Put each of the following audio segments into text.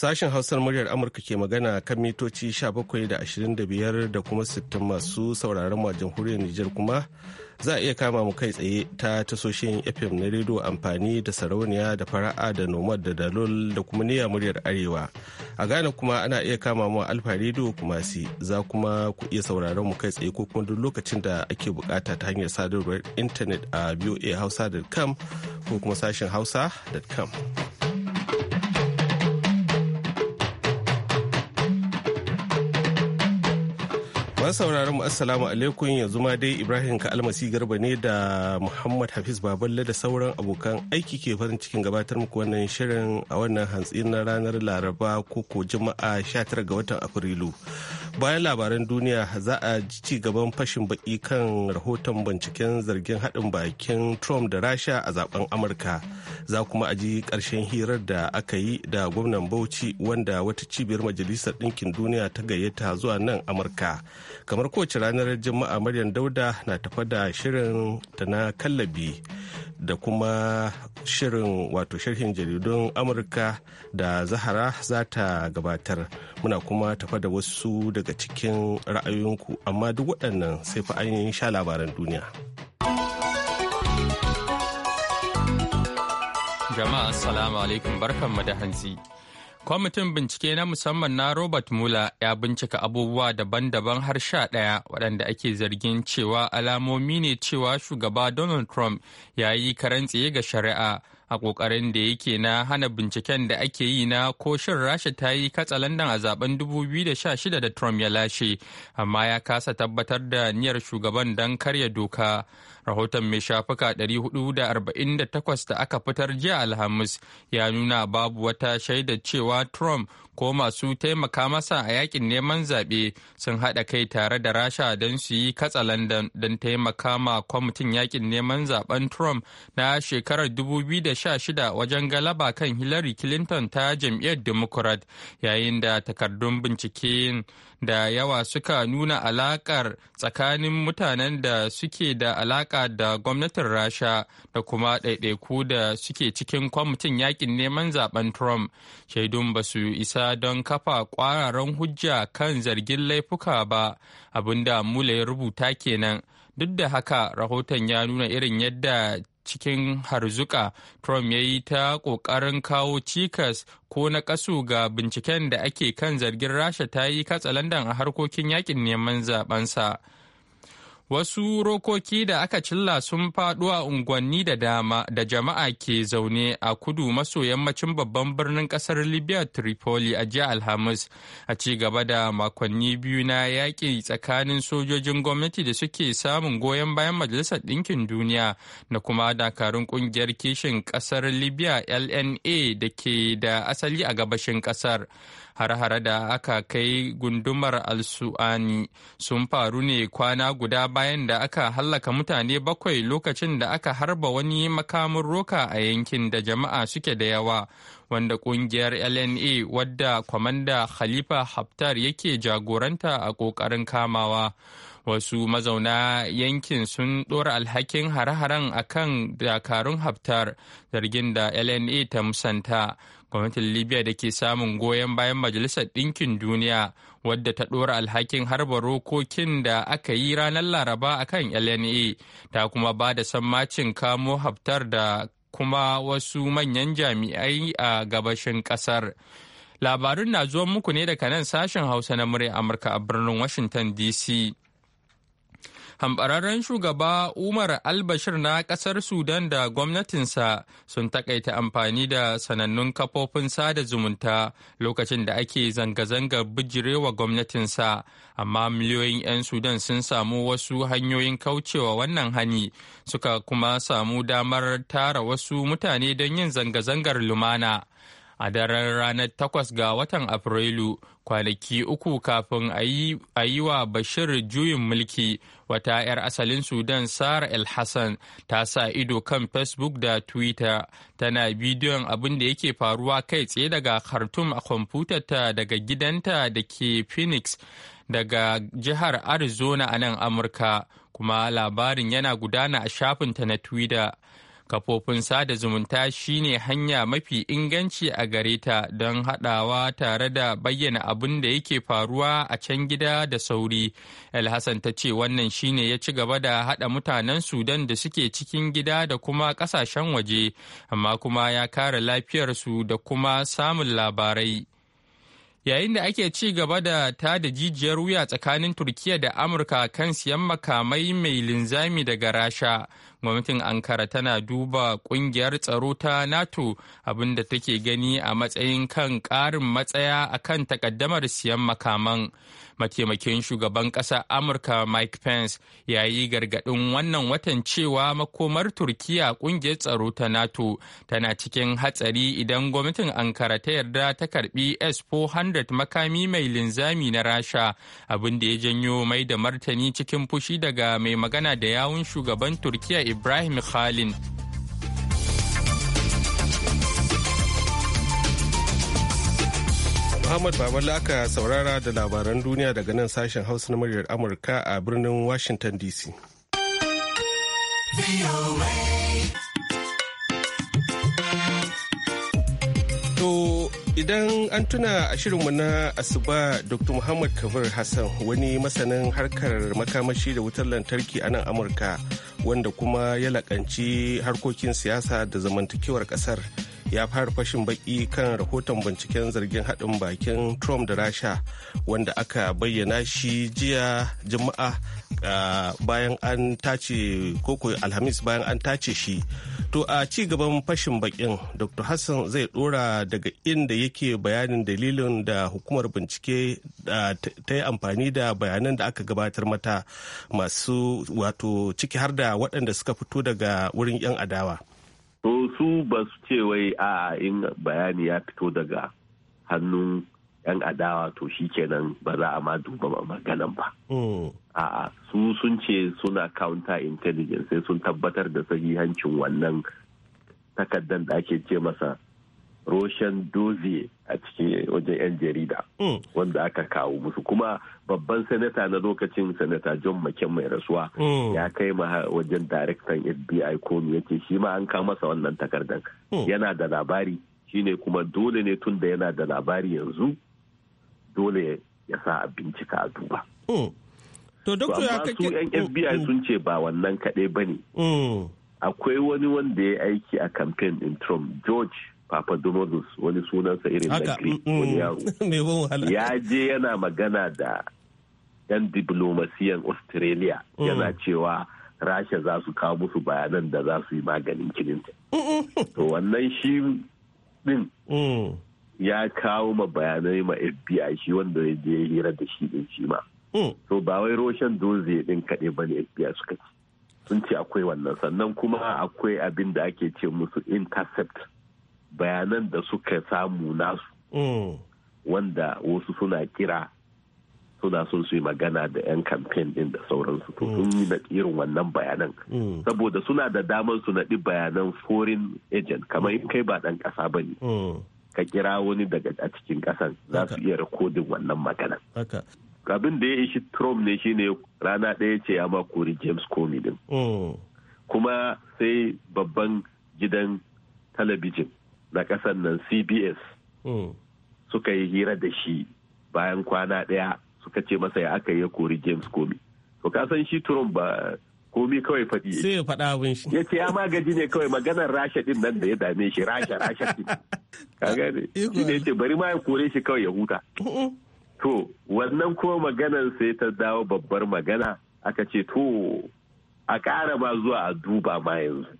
Sashen Hausar muryar Amurka ke magana kan mitoci 17 da 25 da kuma 60 masu sauraron a jamhuriyar Nijar kuma za a iya kama mu kai tsaye ta tasoshin FM na rediyo amfani da sarauniya da fara'a da nomad da dalol da kuma niyya muryar Arewa. A Ghana kuma ana iya kama mu alfa rediyo kuma si za kuma ku iya sauraron mu kai tsaye ko kuma duk lokacin da ake bukata ta hanyar sadarwar intanet a voahausa.com ko kuma sashen hausa.com. Masu sauraron mu assalamu alaikum yanzu ma dai Ibrahim ka almasi garba ne da Muhammad Hafiz Baballe da sauran abokan aiki ke farin cikin gabatar muku wannan shirin a wannan hantsi na ranar Laraba koko Juma'a 19 ga watan Afrilu. Bayan labaran duniya za a ji ci gaban fashin baki kan rahoton binciken zargin haɗin bakin Trump da Rasha a zaben Amurka. Za kuma a ji ƙarshen hirar da aka yi da gwamnan Bauchi wanda wata cibiyar Majalisar Ɗinkin Duniya ta gayyata zuwa nan Amurka. kamar kowace ranar juma'a maryam dauda na tafa da shirin ta na kallabi da kuma shirin wato sharhin jaridun amurka da zahara za ta gabatar muna kuma tafa da wasu daga cikin ra'ayoyinku amma duk waɗannan sai fa an yi sha labaran duniya jama'a assalamu alaikum barkan da hantsi Kwamitin bincike na musamman na Robert Mueller ya bincika abubuwa daban-daban har sha ɗaya waɗanda ake zargin cewa alamomi ne cewa shugaba Donald Trump ya yi tsaye ga shari'a a ƙoƙarin da yake na hana binciken da ake yi na ko shin Rasha ta yi katsalandan a zaben 2016 da Trump ya lashe, amma ya kasa tabbatar da niyyar shugaban don karya doka. rahoton mai shafuka 448 da aka fitar jiya alhamis ya nuna babu wata shaida cewa trump ko masu taimaka masa a yakin neman zaɓe sun haɗa kai tare da rasha don su yi katsalandan don taimaka ma kwamitin yakin neman zaben trump na shekarar 2016 wajen galaba kan hillary clinton ta jam'iyyar democrat yayin da takardun binciken da yawa suka nuna alaƙar tsakanin mutanen da suke da alaƙa da gwamnatin rasha da kuma ɗaiɗaiku da suke cikin kwamitin yakin neman zaben trump shaidun ba su isa don kafa ƙwararren hujja kan zargin laifuka ba abinda mula ya rubuta kenan duk da haka rahoton ya nuna irin yadda cikin harzuka trump ya yi ta ƙoƙarin kawo cikas ko na kasu ga binciken da ake kan zargin rasha ta yi katsalandan a harkokin yakin neman zabensa. Wasu rokoki da aka cilla sun faɗo a unguwanni da dama da jama'a ke zaune a kudu maso yammacin babban birnin ƙasar Libya Tripoli a jiya Alhamis a ci gaba da makonni biyu na yaƙi tsakanin sojojin gwamnati da suke samun goyon bayan Majalisar Ɗinkin Duniya da kuma dakarun ƙungiyar kishin ƙasar Libya LNA da ke da asali a gabashin ƙasar. har-hare da aka kai gundumar alsu'ani sun faru ne kwana guda bayan da aka hallaka mutane bakwai lokacin da aka harba wani makamin roka a yankin da jama'a suke da yawa wanda kungiyar lna wadda kwamanda khalifa haftar yake jagoranta a kokarin kamawa wasu mazauna yankin sun ɗora alhakin hare-haren a kan dakarun haftar zargin da lna ta musanta gwamnatin libya da ke samun goyon bayan majalisar ɗinkin duniya wadda ta ɗora alhakin harba rokokin da aka yi ranar laraba a kan lna ta kuma ba da sammacin kamo haftar da kuma wasu manyan jami'ai a gabashin ƙasar labarun na zuwan muku ne daga nan sashen hausa na murya amurka a birnin washington dc hambararren shugaba umar albashir na kasar sudan da gwamnatinsa sun takaita amfani da sanannun kafofin sada zumunta lokacin da ake zanga-zangar bijirewa gwamnatinsa amma miliyoyin 'yan sudan sun samu wasu hanyoyin kaucewa wannan hani suka kuma samu damar tara wasu mutane don yin zanga-zangar lumana a daren ranar 8 ga watan Afrilu kwanaki uku kafin a yi wa Bashir juyin mulki wata 'yar asalin Sudan Sara El Hassan ta sa ido kan Facebook da Twitter tana bidiyon abin da yake faruwa kai tsaye daga Khartoum a kwamfutarta daga gidanta da ke Phoenix daga jihar Arizona a nan Amurka kuma labarin yana gudana a shafinta na Twitter. kafofin sada zumunta shine hanya mafi inganci a gare ta don haɗawa tare da bayyana abin da yake faruwa a can gida da sauri hassan ta ce wannan shine ya ci gaba da haɗa mutanen sudan da suke cikin gida da kuma ƙasashen waje amma kuma ya kare lafiyarsu da kuma samun labarai yayin da ake ci gaba da ta da jijiyar wuya tsakanin turkiya da amurka kan siyan makamai mai linzami daga rasha gwamnatin ankara tana duba kungiyar tsaro ta nato abinda take gani a matsayin kan karin matsaya a kan takaddamar siyan makaman mataimakin shugaban ƙasar amurka mike pence ya yi gargaɗin wannan watan cewa makomar turkiya kungiyar tsaro ta nato tana cikin hatsari idan gwamnatin ankara ta yarda ta karbi s-400 makami mai linzami na rasha abinda ya janyo mai da martani cikin fushi daga mai magana da yawun shugaban turkiya Ibrahim Khalin. Muhammad Baballa aka saurara da labaran duniya daga nan sashen Hausa na muryar Amurka a birnin Washington DC. To Idan an tuna a shirinmu na Asuba Dr. Muhammad Kabir Hassan wani masanin harkar makamashi da wutar lantarki a nan Amurka wanda kuma ya lakanci harkokin siyasa da zamantakewar kasar. ya fara fashin baki kan rahoton binciken zargin haɗin bakin trump da rasha wanda aka bayyana shi jiya juma'a bayan an tace koko alhamis bayan an tace shi to a ci gaban fashin bakin dr hassan zai dora daga inda yake bayanin dalilin da hukumar bincike ta yi amfani da bayanan da aka gabatar mata masu wato ciki har da waɗanda suka fito daga wurin 'yan adawa to su ba su ce wai a in bayani ya fito daga hannun yan adawa to shi kenan ba za a ma duba maganan ba hmm. a su sun ce suna counter intelligence sai sun tabbatar da sahihancin wannan takardar da ake ce masa roshen doze a cikin wajen 'yan jarida hmm. wanda aka kawo musu kuma babban sanata na lokacin sanata john mccain mai rasuwa hmm. ya kai ma wajen daraktan fbi komi yake shi ma an kawo masa wannan takardar hmm. yana da labari shine kuma dole ne tun da yana da labari yanzu dole ya sa a bincika a duba su 'yan fbi sun ce ba wannan kaɗai ba ne akwai wani wanda ya aiki a kamfen din trump george Papa Dumodus wani sunansa irin da wani yaro. Ya je yana magana da 'yan diplomasiyan Australia mm. yana cewa Rasha za su kawo musu bayanan da za su yi maganin kininta. To wannan shi din mm. ya kawo ma bayanai ma FBI shi wanda ya je hira da shi din shi ma. Mm. To ba wai roshan doze din kaɗe ba ne FBI suka ci. Sun ce akwai wannan sannan kuma akwai abin da ake ce musu intercept. bayanan da suka samu nasu mm. wanda wasu suna kira suna son su yi magana da 'yan kamfen din da sauransu to sun yi irin wannan bayanan mm. saboda suna da damar su naɗi bayanan foreign agent kamar in kai ba ɗan ƙasa ba ne mm. ka kira wani daga a cikin ƙasan za su iya rikodin wannan magana abin da ya ishi trump ne shine rana ɗaya ce ya kori james comey din kuma sai babban gidan talabijin na ƙasar nan cbs hmm. suka yi hira da shi bayan kwana ɗaya suka ce masa ya aka yi kori james komi to ka san shi trump ba komi kawai faɗi sai ya faɗa abin shi ya ce ya magaji ne kawai maganar rasha din nan da ya dame shi rasha rasha din ka gane shi ne ce bari ma ya kore shi kawai ya huta to wannan kuma maganar sai ta dawo babbar magana aka ce to a ƙara ma zuwa a duba ma yanzu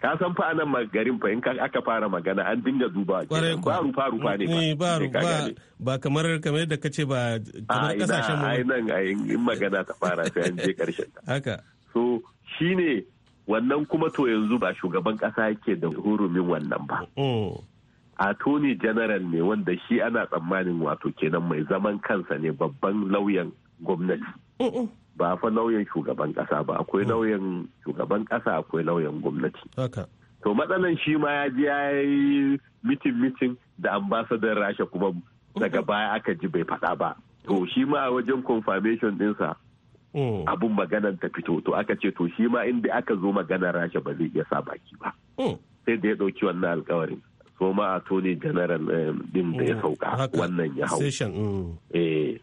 ka san fa anan garin fa in aka fara magana an dinga duba ba rufa rufa ne ba eh, ba kamar kamar yadda kace ba kamar kasashen mu ai nan in magana ta fara sai an je karshen ta haka so shine wannan kuma to yanzu ba shugaban kasa yake da hurumin wannan ba oh. attorney general ne wanda shi ana tsammanin wato kenan mai zaman kansa ne babban lauyan gwamnati oh, oh. ba fa lauyan shugaban kasa ba akwai hmm. lauyan shugaban kasa akwai lauyan gwamnati to matsalan shi ma ya ji ya yi mitin mitin da ambasadar rasha kuma daga hmm. baya aka ji bai faɗa ba to hmm. shi ma a wajen confirmation dinsa abun maganar ta fito to aka ce to shi ma inda aka zo maganar rasha ba zai iya sa baki ba sai da ya ɗauki wannan alkawarin so ma a tony general din eh, da ya sauka wannan ya hau eh.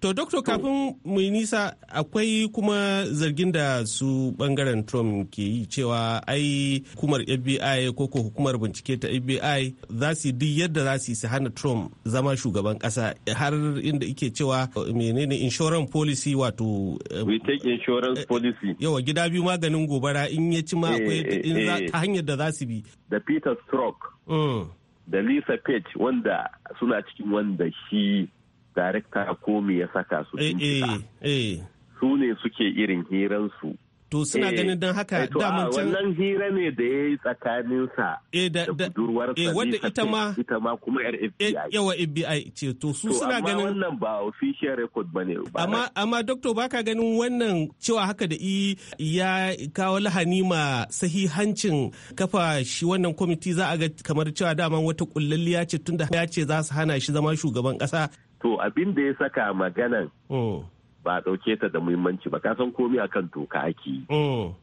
To, Dokto, kafin mu nisa akwai kuma zargin da su bangaren Trump ke yi cewa ai hukumar FBI ko ko hukumar bincike ta FBI za su duk yadda za su yi hana Trump zama shugaban kasa har inda ike cewa eh, menene insurance policy wato eh, we take insurance eh, policy yawa gida biyu maganin gobara in ya ci ma akwai ta hanyar da za su bi da Peter Strzok mm. da Lisa Page wanda suna cikin wanda shi darekta ko me ya saka su eh, eh, eh. su ne suke irin hiransu to suna ganin don haka daman can wannan hira ne da ya yi tsakaninsa da budurwarsa wanda ita ma ita ma kuma yar FBI yawa FBI ce to su suna ganin wannan ba official record bane ba amma amma doctor baka ganin wannan cewa haka da ya kawo lahani ma sahihancin kafa shi wannan kwamiti za a ga kamar cewa daman wata kullalliya ce tunda ya ce za su hana shi zama shugaban kasa to abin da ya saka maganan oh. ba a ɗauke ta da muhimmanci ba kasan komi kan toka ake oh.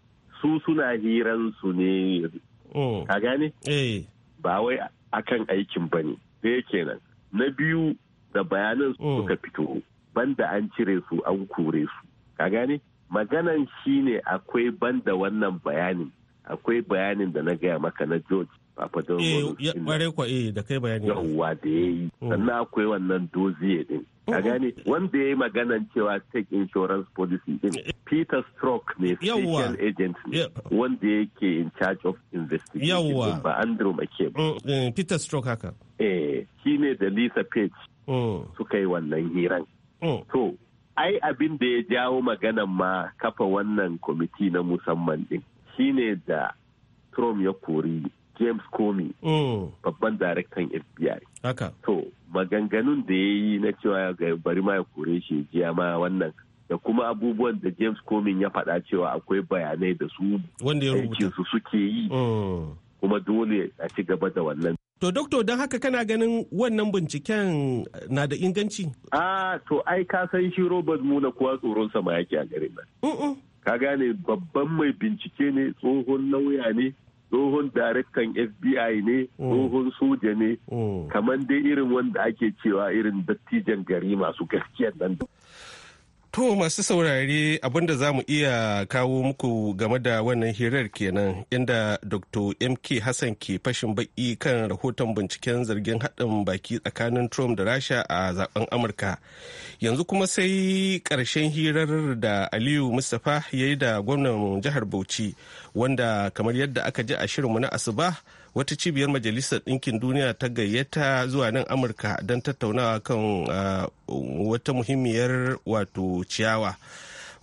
su suna hiran su ne oh. ka gane eh. ba wai akan aikin ba ne sai kenan na biyu da bayanan suka fito banda an cire su an kore su ka gane maganan shine akwai banda wannan bayanin akwai bayanin da na gaya maka na george Papadon eh, kwa eh da kai bayani. Yawwa da ya yi. Oh. Sannan akwai wannan doziye din. a oh, oh. gane wanda ya yi maganan cewa take insurance policy din. Eh, eh. Peter Stroke ne special agent ne wanda yake in charge of investigation. Yawwa. Ba Andrew ba mm, Peter Stroke haka. Eh shi ne da Lisa Page. Mm. Suka yi wannan hiran. Mm. To ai abin da ya jawo maganan ma kafa wannan kwamiti na musamman din shine da Trump ya kori James Comey mm. babban daraktan FBI. Haka. To maganganun da ya yi na cewa ga bari ma ya kore shi jiya ma wannan da kuma abubuwan da James Comey ya faɗa cewa akwai bayanai da su wanda ya su suke yi. Mm. Kuma dole a ci gaba da wannan. To doktor don haka kana ganin wannan binciken na da inganci? Ah to ai ka san shi Robert Mula kuwa tsoron sama yake a garin nan. Ka gane babban mai bincike ne tsohon lauya ne tsohon daraktan fbi ne oh. tsohon soja ne oh. kamar dai irin wanda ake cewa irin dattijan gari masu gaskiyar nan To masu saurare abinda za mu iya kawo muku game da wannan hirar kenan inda Dr. MK Hassan ke fashin baki kan rahoton binciken zargin haɗin baki tsakanin Trump da Rasha a zaben Amurka. Yanzu kuma sai ƙarshen hirar da Aliyu Mustapha ya yi da gwamnan jihar Bauchi wanda kamar yadda aka ji a shirinmu na Asuba. wata cibiyar majalisar ɗinkin duniya ta gayyata zuwa nan amurka don tattaunawa kan ah, wata muhimmiyar wato ciyawa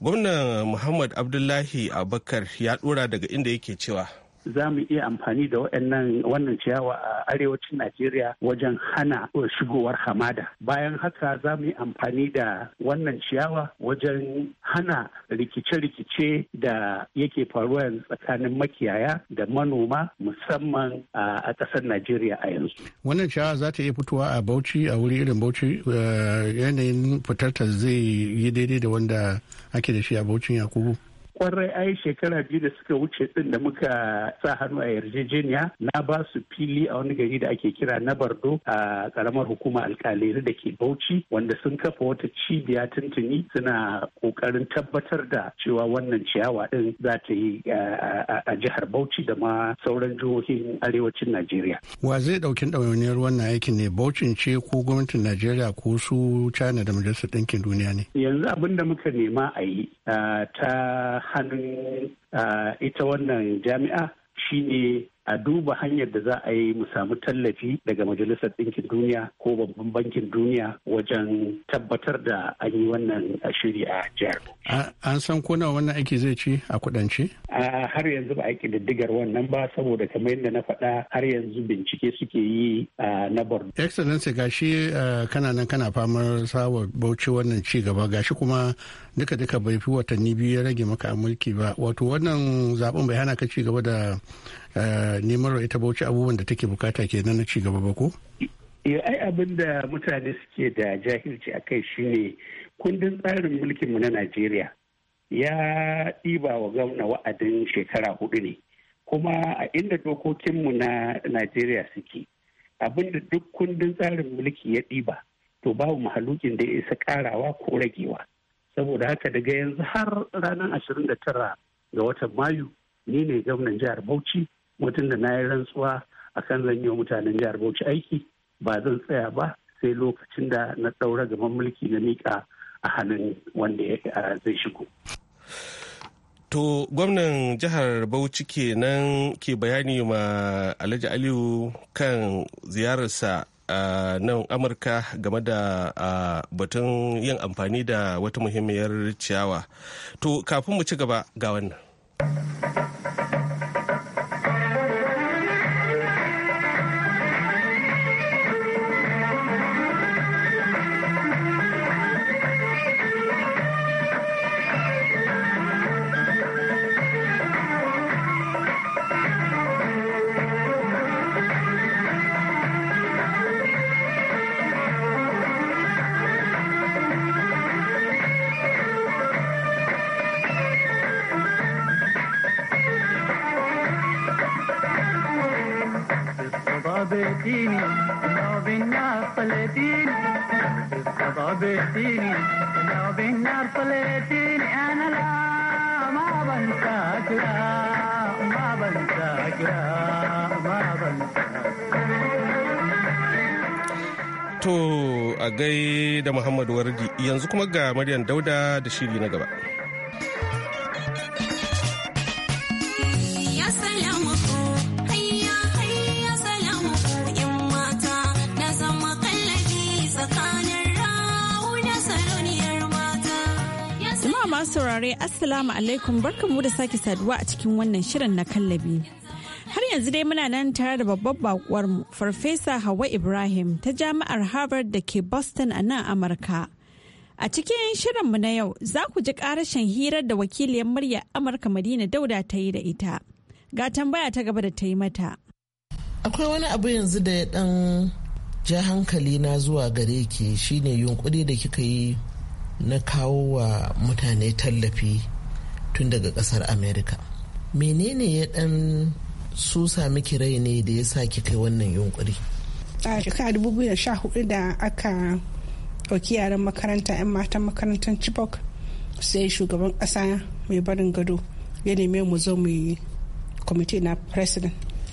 gwamnan muhammad abdullahi abakar ya dora daga inda yake cewa za mu iya amfani da wannan ciyawa a arewacin Najeriya wajen hana shigowar hamada. Bayan haka za mu yi amfani da wannan ciyawa wajen hana rikice-rikice da yake faruwa tsakanin makiyaya da manoma musamman a ƙasar Najeriya a yanzu. Wannan ciyawa za ta iya fitowa a Bauchi a wuri irin Bauchi eh, yanayin fitarta zai yi daidai da wanda ake da shi a Bauchin Yakubu. kwarai ai shekara biyu da suka wuce din da muka sa hannu a yarjejeniya na ba su fili a wani gari da ake kira na bardo a karamar hukuma alkaliri da ke bauchi wanda sun kafa wata cibiya tuntuni suna kokarin tabbatar da cewa wannan ciyawa din za ta yi a jihar bauchi da ma sauran jihohin arewacin najeriya wa zai dauki ɗawainiyar wannan aikin ne baucin ce ko gwamnatin najeriya ko su china da majalisar ɗinkin duniya ne yanzu abin da muka nema a yi ta hannun eh, ita wannan jami'a shine a duba hanyar da za a yi mu samu tallafi daga majalisar ɗinkin duniya ko babban bankin duniya wajen tabbatar da an yi wannan shiri a jihar. An san ko nawa wannan aiki zai ci a kudance? Har yanzu ba a diddigar wannan ba saboda kamar yadda na faɗa har yanzu bincike suke yi na Borno. Excellency gashi kana nan kana famar sawa bauchi wannan ci gaba gashi kuma duka-duka bai fi watanni biyu ya rage maka mulki ba wato wannan zaɓen bai hana ka ci gaba da Eh, neman ita bauchi abubuwan da take bukata ke na gaba ba ko? Eh, ai abin da mutane suke da jahilci a kai shine kundin tsarin mulkin mu na najeriya ya ɗiba wa gwamna wa'adin shekara hudu ne kuma a inda dokokinmu na najeriya suke abin da duk kundin tsarin mulki ya ɗiba to babu mahalukin da ya isa karawa ko ragewa saboda haka daga yanzu har ranar ashirin da tara ga watan mayu ni ne gwamnan jihar bauchi mutum da na yi rantsuwa akan zan yi mutanen jihar Bauchi aiki ba zan tsaya ba sai lokacin da na ɗaura gaban mulki na miƙa a hannun wanda zai shigo. To gwamnan jihar Bauchi kenan ke bayani ma Alhaji Aliyu kan ziyararsa a nan Amurka game da batun yin amfani da wata muhimmiyar ciyawa. To kafin mu ci gaba ga wannan. To a gai da Muhammadu Wardi yanzu kuma ga Maryam Dauda da shiri na gaba. saurare Assalamu alaikum barkanmu da sake saduwa a cikin wannan shirin na kallabi. Har yanzu dai muna nan tare da babbar mu Farfesa Hawa Ibrahim ta Jami'ar Harvard da ke Boston a nan Amurka. A cikin shirinmu na yau za ku ji ƙarashin hirar da wakiliyar muryar Amurka Madina Dauda ta yi da ita. Ga tambaya ta gaba da ta yi mata. Akwai wani abu yanzu da ya ɗan ja hankali na zuwa gare ki shine yunkuri da kika yi na kawo wa mutane tallafi tun daga ƙasar Amerika. Menene ya ɗan su sami kirai ne da ya sa kika wannan yunkuri a shekara dubu 2014 da aka ɗauki yaran makaranta 'yan matan makarantar chibok sai shugaban ƙasa mai barin gado ya neme mu zo mu yi kwamiti na president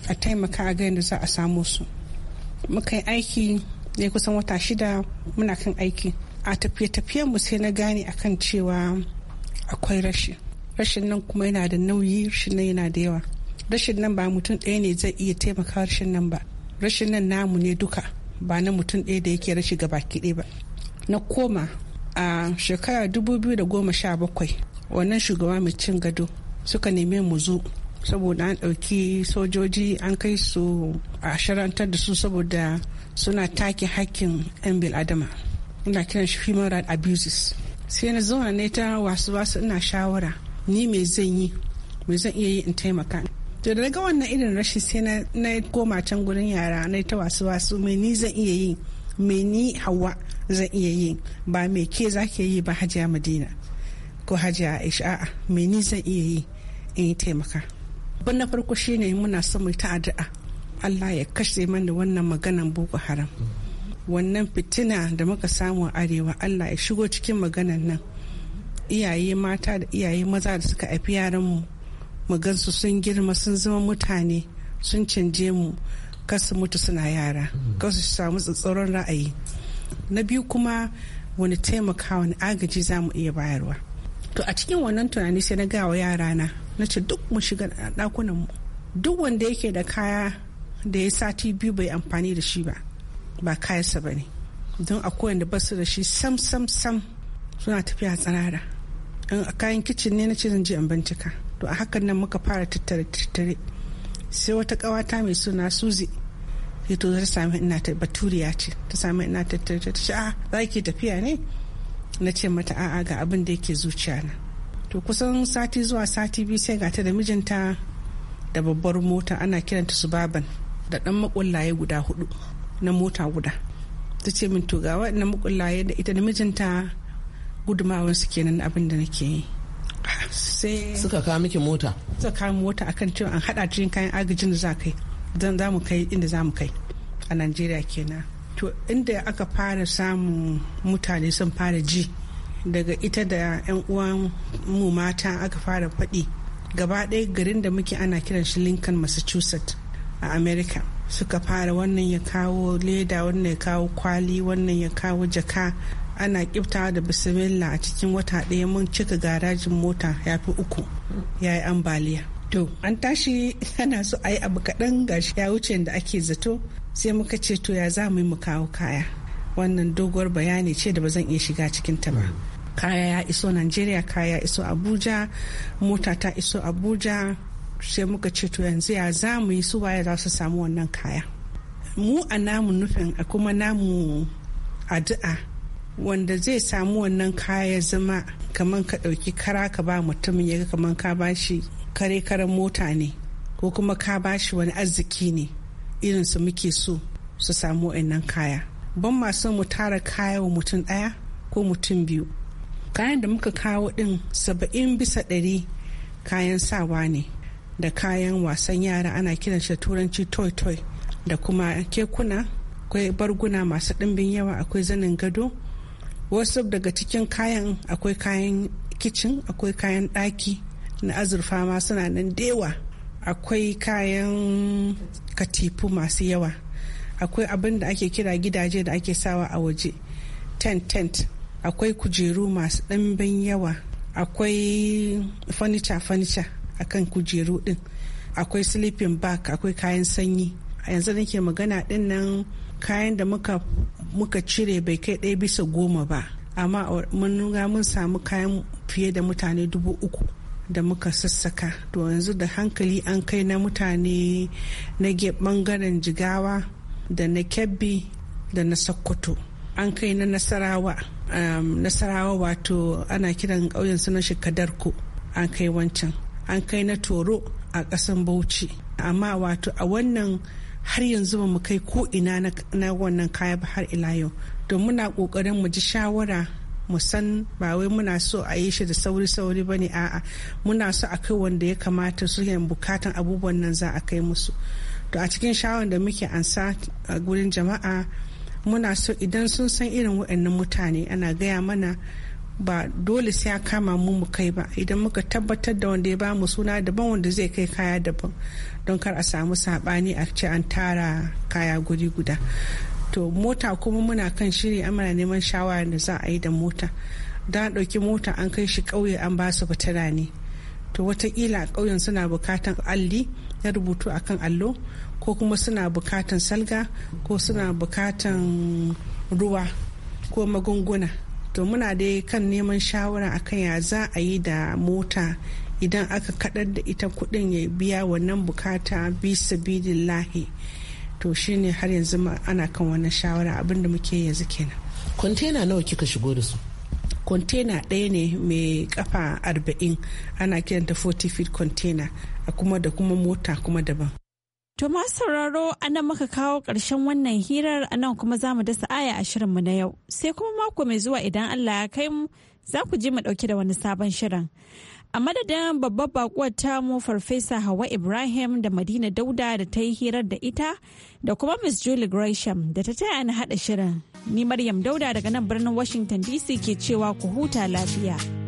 a taimaka a ga yadda za a samu su muka yi aiki ne kusan wata shida muna kan aiki a tafiye tafiye mu sai na gane akan cewa akwai rashi rashin nan kuma yana da nauyi rashin nan yana da yawa rashin nan ba mutum ɗaya ne zai iya taimaka rashin nan ba rashin nan namu ne duka ba na mutum ɗaya da yake rashi gaba kiɗe ba na koma a shekara da goma sha 2017 wannan shugaba mai cin gado suka neme mu zo saboda an ɗauki sojoji an kai su a sharantar da su saboda suna take hakkin 'yan adama ina kiran shi human rights abuses sai na zauna ne ta wasu wasu ina shawara ni me zan yi me zan iya yi in taimaka to da ga wannan irin rashin sai na koma can gurin yara na ta wasu wasu mai ni zan iya yi mai ni hawa zan iya yi ba mai ke za ke yi ba hajiya madina ko hajiya aisha a'a mai ni zan iya yi in yi taimaka abin na farko shine muna son mu ta addu'a Allah ya kashe mana wannan maganan boko haram wannan fitina da muka samu a arewa Allah ya shigo cikin maganan nan iyaye mata da iyaye maza da suka haifi yaran mu. mu gansu sun girma sun zama mutane sun canje mu kasu mutu suna yara kasu samu tsatsauran ra'ayi na biyu kuma wani taimaka wani agaji za mu iya bayarwa to a cikin wannan tunani sai na gawa yara na na ce duk mu shiga ɗakunan mu duk wanda yake da kaya da ya sati biyu bai amfani da shi ba ba kayansa ba ne don akwai wanda basu da shi sam sam sam suna tafiya tsirara in kayan kicin ne na ce zan je in bincika to a hakan nan muka fara tattare tattare sai wata ƙawata mai suna suzi ya to ta sami ina ta baturiya ce ta sami ina tattare ta ce a ah, za ki tafiya ne na ce mata a'a ga abin da yake zuciya na to kusan sati zuwa sati biyu sai ga ta da mijinta da babbar mota ana kiranta su baban da dan makullaye guda hudu na mota guda ta ce min to ga waɗannan makullaye da ita da mijinta su kenan abin da nake yi sai suka kawo miki mota suka kawo mota akan cewa an hada cikin kayan agajin da za kai dan za mu kai inda za mu kai a najeriya kenan to inda aka fara samun mutane sun fara ji daga ita da 'yan uwan mu mata aka fara faɗi gaba ɗaya garin da muke ana kiran shi lincoln massachusetts a america suka fara wannan ya kawo leda wannan ya kawo kwali wannan ya kawo jaka ana kiftawa da bismillah a cikin wata ɗaya mun cika garajin mota ya fi uku ya yi ambaliya to an tashi ana so a yi abu kaɗan gashi ya wuce da ake zato sai muka ce to ya za mu yi mu kawo kaya wannan doguwar bayani ce da ba zan iya shiga cikin ta ba kaya ya iso najeriya kaya ya iso abuja mota ta iso abuja sai muka ce to yanzu ya za mu yi su waye za su samu wannan kaya mu a namu nufin a kuma namu addu'a wanda zai samu wannan kaya zama kamar ka ɗauki kara ka ba mutumin ya kamar ka ba shi kare karen mota ne ko kuma ka ba shi wani arziki ne irin su muke so su samu wannan kaya ban masu mutara mu tara kaya wa mutum ɗaya ko mutum biyu kayan da muka kawo ɗin saba'in bisa ɗari kayan sawa ne da kayan wasan yara ana kiran shi turanci toy toy da kuma kekuna akwai barguna masu ɗimbin yawa akwai zanin gado wasu daga cikin kayan akwai kayan kicin akwai kayan ɗaki na azurfa ma suna nan dewa akwai kayan katifu masu yawa akwai abin da ake kira gidaje da ake sawa a waje tent tent akwai kujeru masu ɗanben yawa akwai furniture furniture akan kujeru ɗin akwai sleeping bag akwai kayan sanyi a yanzu nake magana ɗin nan kayan da muka muka cire bai kai ɗaya bisa goma ba amma mun nuna mun samu kayan fiye da mutane dubu uku da muka sassaka to yanzu da hankali an kai na mutane na bangaren jigawa da na kebbi da na sokoto an kai na nasarawa um, nasarawa wato ana kiran ƙauyen sunan shi an kai wancan an kai na toro a ƙasan bauchi amma wato a wannan har yanzu ba mu kai ko ina na wannan kaya ba har ila yau don muna kokarin mu ji shawara mu san ba wai muna so a yi shi da sauri-sauri ba ne a'a muna so a kai wanda ya kamata su yin bukatan abubuwan nan za a kai musu to a cikin shawarar da muke ansa a gurin jama'a muna so idan sun san irin waɗannan mutane ana gaya mana ba dole sai a kama mu mu kai ba idan muka tabbatar da wanda ya ba mu suna daban wanda zai kai kaya daban don kar a samu sabani a ce an tara kaya guri guda to mota kuma muna kan shiri amana neman shawara da za a yi da mota da ɗauki mota an kai shi ƙauye an ba su fitila ne to watakila ƙauyen suna bukatan alli na rubutu akan allo ko kuma suna bukatan salga ko suna bukatan ruwa ko magunguna to muna dai kan neman shawara akan ya za a yi da mota idan aka kadar da ita kudin ya biya wannan bukata bisa bidin lahi to shine har yanzu ana kan wannan shawara abinda muke yanzu kenan kwantena nawa kika shigo da su kwantena ɗaya ne mai kafa arba'in ana kiranta 40 feet container kuma da kuma mota kuma daban To masu sauraro anan muka kawo ƙarshen wannan hirar anan kuma za mu dasa aya a shirinmu na yau. Sai kuma mako mai zuwa idan Allah ya kai mu za ku ji mu ɗauki da wani sabon shirin. A madadin babbar bakuwar tamu Farfesa Hawa Ibrahim da Madina Dauda da ta yi hirar da ita da kuma Miss Julie Gresham da ta taya ni haɗa shirin. Ni Maryam Dauda daga nan birnin Washington DC ke cewa ku huta lafiya.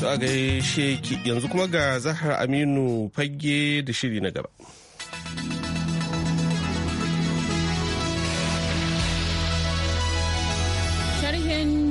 To a gaishe yanzu kuma ga Zahra Aminu fagge da shiri na gaba.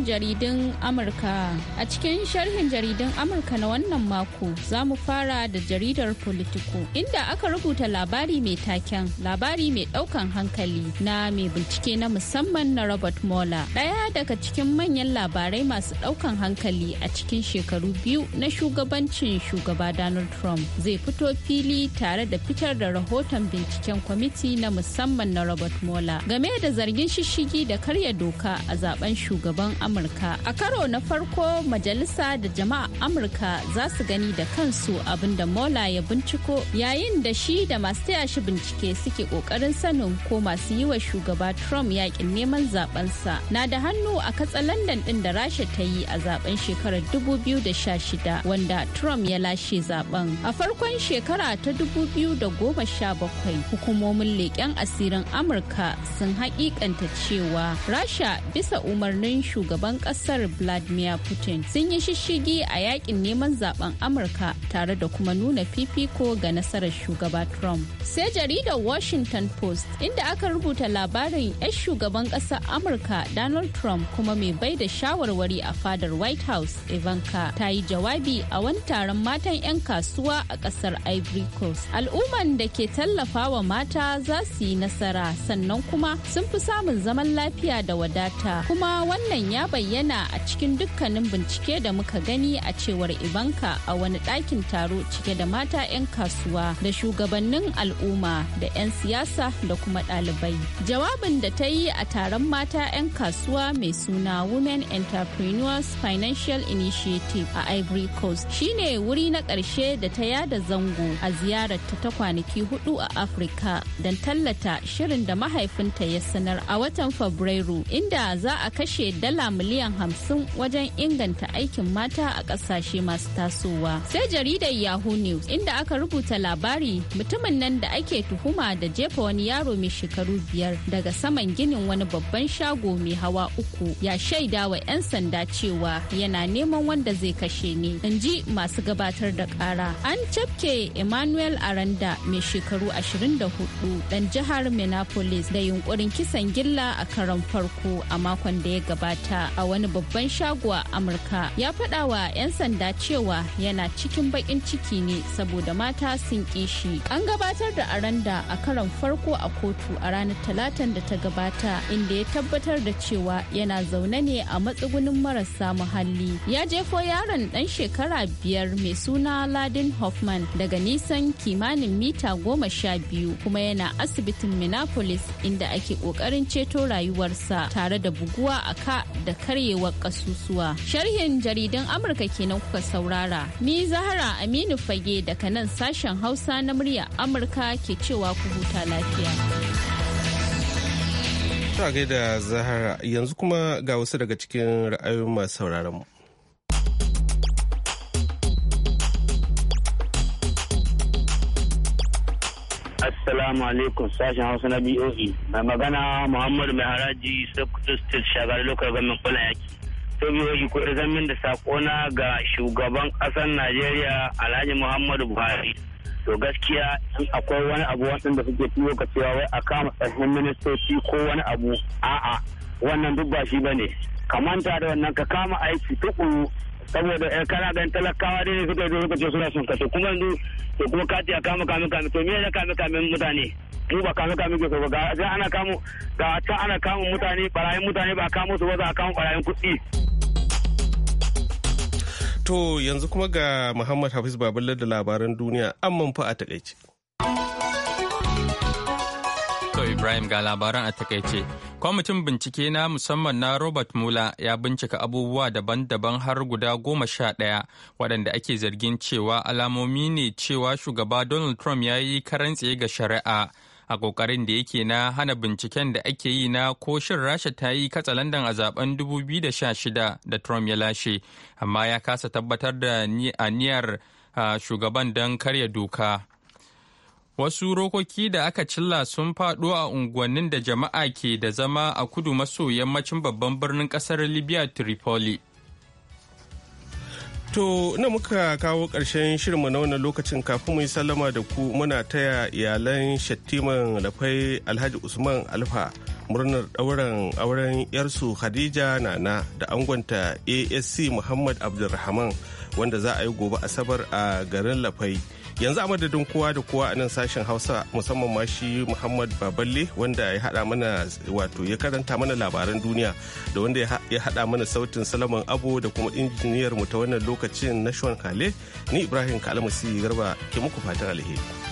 jaridun Amurka. A cikin sharhin jaridun Amurka na wannan mako za mu fara da jaridar Politico inda aka rubuta labari mai taken labari mai daukan hankali na mai bincike na musamman na Robert Mueller. daya daga cikin manyan labarai masu daukan hankali a cikin shekaru biyu na shugabancin shugaba Donald Trump zai fito fili tare da fitar da rahoton binciken kwamiti na musamman na Robert Mueller game da zargin shishigi da karya doka a zaben shugaban Amurka. Amurka. A karo na farko majalisa da jama'a Amurka za su gani da kansu abinda Mola ya binciko yayin da shi da masu taya shi bincike suke kokarin sanin ko masu yi wa shugaba Trump yakin neman zabensa na da hannu a katsalandan din da Rasha ta yi a zaben shekarar 2016 wanda Trump ya lashe zaben. A farkon shekara ta 2017 hukumomin leƙen asirin Amurka sun haƙiƙanta cewa Rasha bisa umarnin shugaban shugaban kasar vladimir putin sun yi shishigi a yakin neman zaben amurka tare da kuma nuna fifiko ga nasarar shugaba trump sai jaridar washington post inda aka rubuta labarin 'yan shugaban kasar amurka donald trump kuma mai bai da shawarwari a fadar white house ivanka ta yi jawabi a wani taron matan 'yan kasuwa a kasar ivory coast al'umman da ke tallafawa mata za su yi nasara sannan kuma sun fi samun zaman lafiya da wadata kuma wannan ya bayyana a cikin dukkanin bincike da muka gani a cewar ibanka a wani ɗakin taro cike da mata 'yan kasuwa da shugabannin al'umma da 'yan siyasa da kuma ɗalibai jawabin da ta yi a taron mata 'yan kasuwa mai suna women entrepreneurs financial initiative a ivory coast shine wuri na ƙarshe da ta yada zango a ziyarar ta kwanaki hudu a afirka don tallata shirin da mahaifinta ya sanar a watan fabrairu inda za a kashe dala miliyan hamsin wajen inganta aikin mata a kasashe masu tasowa. Sai jaridar Yahoo News inda aka rubuta labari mutumin nan da ake tuhuma da jefa wani yaro mai shekaru biyar daga saman ginin wani babban shago mai hawa uku ya shaida wa 'yan sanda cewa yana neman wanda zai kashe ne. In ji masu gabatar da kara. An cafke Emmanuel Aranda mai shekaru ashirin da hudu dan jihar Minneapolis da yunkurin kisan gilla a karon farko a makon da ya gabata. a wani babban shago a Amurka ya faɗa wa 'yan sanda cewa yana cikin baƙin ciki ne saboda mata sun kishi. An gabatar da aranda a karon farko a kotu a ranar talatan da ta gabata inda ya tabbatar da cewa yana zaune ne a matsugunin marasa muhalli. Ya jefo yaron ɗan shekara biyar mai suna Ladin Hoffman daga nisan kimanin mita goma sha biyu kuma yana asibitin Minneapolis inda ake ƙoƙarin ceto rayuwarsa tare da buguwa a ka da karyewar kasusuwa. Sharhin jaridan Amurka kenan kuka saurara. Ni Zahara Aminu Fage daga nan sashen Hausa na murya Amurka ke cewa ku huta lafiya. Ta gaida Zahara yanzu kuma ga wasu daga cikin ra'ayoyin masu sauraron mu. Assalamu alaikum sashen Hausa na BOE. Mai magana Muhammadu Mai Haraji Sokoto State Shagari lokacin Gwamnan Kula Yaki. To BOE ko zamin da saƙona ga shugaban ƙasar Najeriya Alhaji Muhammadu Buhari. To gaskiya in akwai wani abu da suke fi ka cewa wai a kama tsaffin ministoci ko wani abu a'a wannan duk ba shi bane. Kamanta da wannan ka kama aiki tukuru saboda ɗan kana ganin talakawa ne suka zo suka ce suna son kaso kuma yanzu to kuma ka ce a kama kame kame to me ne kame kame mutane mu ba kame kame ke so ga ana kamo ga ta ana kamo mutane barayin mutane ba kamo su ba za a kamo barayin kuɗi to yanzu kuma ga Muhammad Hafiz Babalar da labaran duniya amman fa a takaice. To Ibrahim ga labaran a taƙaice. Kwamitin bincike na musamman na Robert Mueller ya bincika abubuwa daban-daban har guda goma sha ɗaya waɗanda ake zargin cewa alamomi ne cewa shugaba Donald Trump ya yi karantse ga shari'a a ƙoƙarin da yake na hana binciken da ake yi na ko shin Rasha ta yi katsalandan a zaben 2016 da Trump ya lashe, amma ya kasa tabbatar da niyar shugaban don karya doka. wasu rokoki da aka cilla sun faɗo a unguwannin da jama'a ke da zama a kudu maso yammacin babban birnin ƙasar libya tripoli To na muka kawo ƙarshen shirinmu na wannan lokacin kafin mu yi sallama da ku muna taya iyalan shattiman lafai alhaji usman alfa murnar ɗauran auren yarsu khadija nana da angonta asc muhammad abdulrahman wanda za a yi gobe asabar a garin lafai. yanzu a madadin kowa da kowa a nan sashen hausa musamman ma shi muhammad baballe wanda ya hada mana wato ya karanta mana labaran duniya da wanda ya haɗa mana sautin salaman abu da kuma injiniyar mu ta wannan lokacin na shuwan kale ni ibrahim kalamasi garba ke muku fatan alheri